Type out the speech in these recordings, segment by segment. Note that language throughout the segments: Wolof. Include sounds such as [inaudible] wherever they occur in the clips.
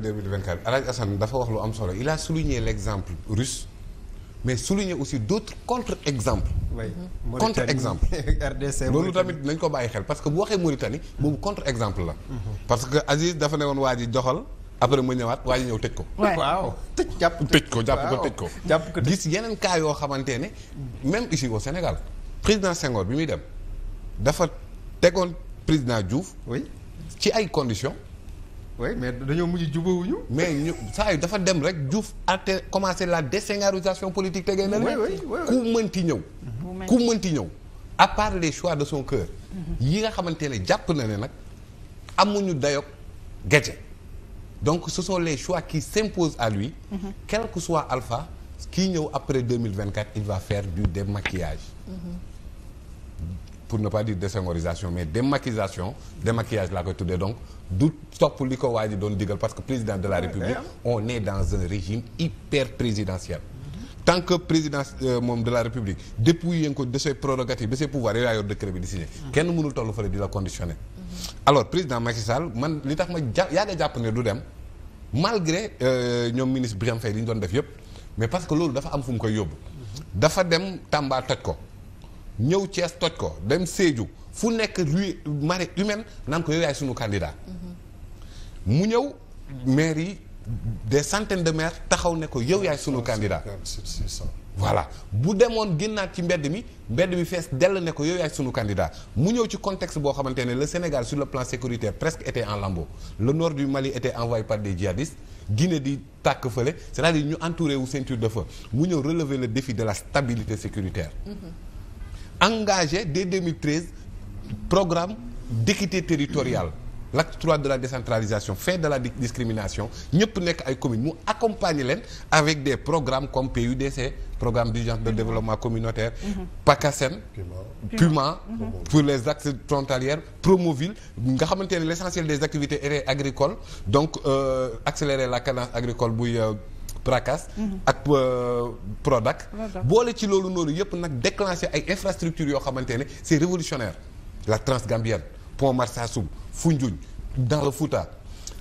2024 El Hadj Assane dafa wax lu am solo il a souligné russe mais souligné aussi [laughs] d' autres contre exemples. oui contre exemple RDC loolu tamit nañ ko bàyyi xel parce que bu waxee Mauritanie moom contre exemple la. Mhm. parce que Aziz dafa ne woon waa ji joxal. après mu ñëwaat waa ji ñëw tëj ko. waaw tëj ko jàpp ko tëj ko. gis yeneen cas yoo xamante ne. même ici au Sénégal président Senghor bi muy dem dafa tegoon président Diouf. oui ci ay conditions. oui mais dañoo mujj jubawuñu mais ñu saa yu dafa dem rek Diouf ate commencé la désingularisation politique tegee na la ku mënti ñëw ku mënti ñëw à part les choix de son cœur mhm. yi nga xamante ne jàpp na ne nag amuñu dayog gaje donc ce sont les choix qui s'imposent à lui mhm. quel que soit Alpha kii ñëw après 2024 il va faire du démaquillage mhm. pour ne pas dire désengorisation mais démaquisation démaquillage laa koy tuddee donc du topp li ko waa ji doon digal parce que président de la république on est dans un régime hyper présidentiel tant que président euh, moom de la république dépouillé nga ko de ses prérogatives de ses pouvoirs yooyu yaa yor décret bi di signé kenn mënul toll fële di la conditionné alors président Macky man li tax ma ja yàgg jàpp ne du dem malgré euh, ñoom ministre Birame Faye li ñu doon def yëpp mais parce que loolu dafa am fu mu koy yóbbu mm-hmm. dafa dem Tamba toj ko ñëw Thiès toj ko dem Sédhiou fu nekk rue marée humaine naan ko yow yaay suñu candidat mm-hmm. mu ñëw maire yi des centaines de maires taxaw ne ko yow yaay sunu candidat voilà bu demoon génnaat ci mbedd mi mbedd mi fees dell ne ko yow yaay sunu candidat mu ñëw ci contexte boo xamante ne le Sénégal sur le plan sécuritaire presque était en lambeaux le nord du Mali était envoyé par des djihadistes Guinée di tàkk fële cest à ñu entouré wu ceinture de feu mu ñëw relever le défi de la stabilité sécuritaire mm-hmm. engagé dès 2013 programme d'équité territoriale l'acte 3 de la décentralisation fin de la discrimination ñëpp nekk ay communes mu accompagner leen avec des programmes comme PUDC programme d'urgence de développement communautaire mhm. PACASEN mhm. PUMA pour les axes frontalières Promoville nga xamante ne l'essentiel des activités agricoles donc euh, accélérer la cadence agricole euh, PRACAS mhm. ak euh, PRODAC boole ci loolu noonu yëpp nag déclenché ay infrastructures yoo xamante ne c'est révolutionnaire la Transgambienne Pont Marsassoum Foundiougne dans le Fouta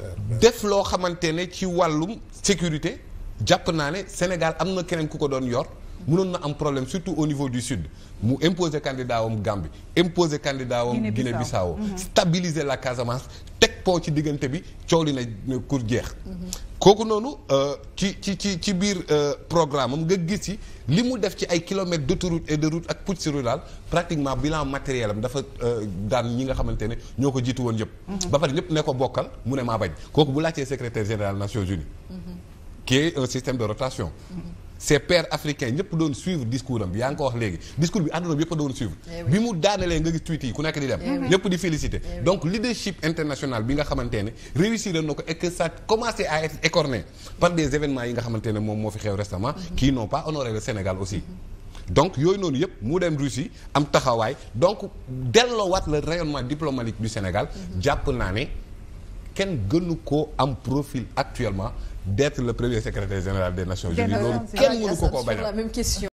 euh, def loo xamante ne ci wàllum sécurité jàpp naa ne Sénégal am na keneen ku ko doon yor mënoon na am problème surtout au niveau du sud mu imposer candidat wam Gambie imposer candidat wam Guinée-Bissau mhm. stabiliser la Casamance teg pont ci diggante bi coow li na jeex mhm. kooku noonu euh, ci ci ci ci biir euh, programme am nga gis ci li mu def ci ay kilomètres d'autoroute et de route ak putsch rural pratiquement bilan matériel am dafa euh, daan ñi nga xamante ne ñoo ko jiitu woon yëpp. Mhm. ba pare ñëpp ne ko bokkal mu ne maa bañ kooku bu laajtee secrétaire général Nations Unies. Mhm. qui un système de rotation. Mhm. ces pairs africains ñëpp doon suivre discours am bi yaa ngi ko wax léegi discours bi àdduna bi yëpp a doon suivre eh bi mu daanelee nga gis tweet ku nekk di dem eh ñëpp di féliciter eh donc leadership international bi nga xamante ne réussir na ko et que ça commencé à être par des événements yi nga xamante ne moom moo fi xew récemment mm-hmm. qui n'ont pas honoré le Sénégal aussi mm-hmm. donc yooyu noonu yëpp mu dem Russie am taxawaay donc delloowaat le rayonnement diplomatique du Sénégal mm-hmm. jàpp naa ne kenn gënu ko am profil actuellement d'être la premier secrétaire général des Nations Unies loolu kenn mënu ko koo bañal